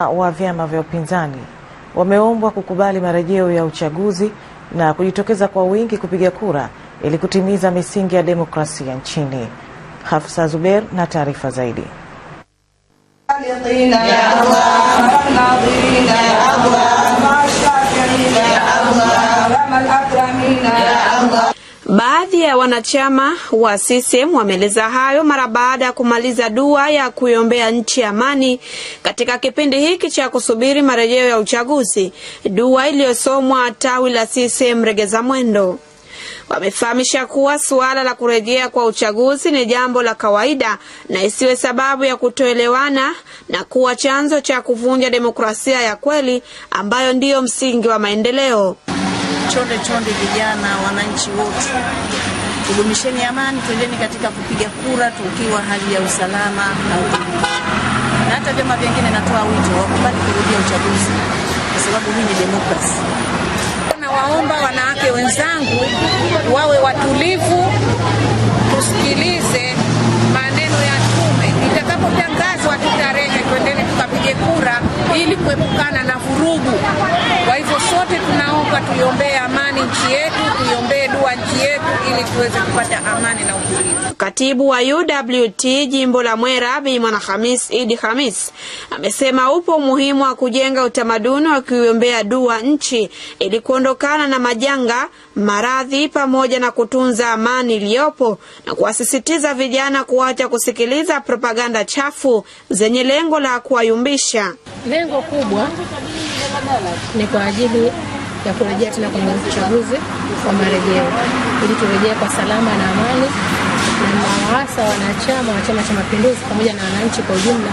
Ah, wa vyama vya upinzani wameombwa kukubali marejeo ya uchaguzi na kujitokeza kwa wingi kupiga kura ili kutimiza misingi ya demokrasia nchini. Hafsa Zuber na taarifa zaidi. Baadhi ya wanachama wa CCM wameeleza hayo mara baada ya kumaliza dua ya kuiombea nchi amani katika kipindi hiki cha kusubiri marejeo ya uchaguzi, dua iliyosomwa tawi la CCM Regeza Mwendo. Wamefahamisha kuwa suala la kurejea kwa uchaguzi ni jambo la kawaida na isiwe sababu ya kutoelewana na kuwa chanzo cha kuvunja demokrasia ya kweli ambayo ndiyo msingi wa maendeleo chonde chonde, vijana, wananchi wote, tudumisheni amani, twendeni katika kupiga kura tukiwa hali ya usalama na utulivu. Na hata vyama vyengine, natoa wito wakubali kurudia uchaguzi, kwa sababu hii ni demokrasi. Nawaomba wanawake wenzangu wawe watulivu, tusikilize maneno ya tume. Itakapotangazwa tu tarehe, twendeni tukapige kura ili kuepukana na vurugu kwamba tuiombee amani nchi yetu, tuiombee dua nchi yetu ili tuweze kupata amani na utulivu. Katibu wa UWT jimbo la Mwera Bi Mwana Hamis Idi Hamis amesema upo umuhimu wa kujenga utamaduni wa kuiombea dua nchi ili kuondokana na majanga, maradhi pamoja na kutunza amani iliyopo na kuwasisitiza vijana kuacha kusikiliza propaganda chafu zenye lengo la kuwayumbisha. Lengo kubwa ni kwa ajili ya kurejea tena kwenye uchaguzi wa marejeo ili turejee kwa salama na amani, na mawasa wanachama wa Chama cha Mapinduzi pamoja na wananchi kwa ujumla,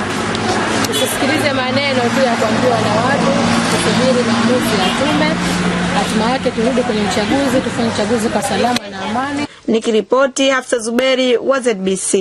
tusisikilize maneno tu ya kuambiwa na watu, tusubiri maamuzi ya tume, hatima yake turudi kwenye uchaguzi, tufanye uchaguzi kwa salama na amani. Nikiripoti Hafsa Zuberi wa ZBC.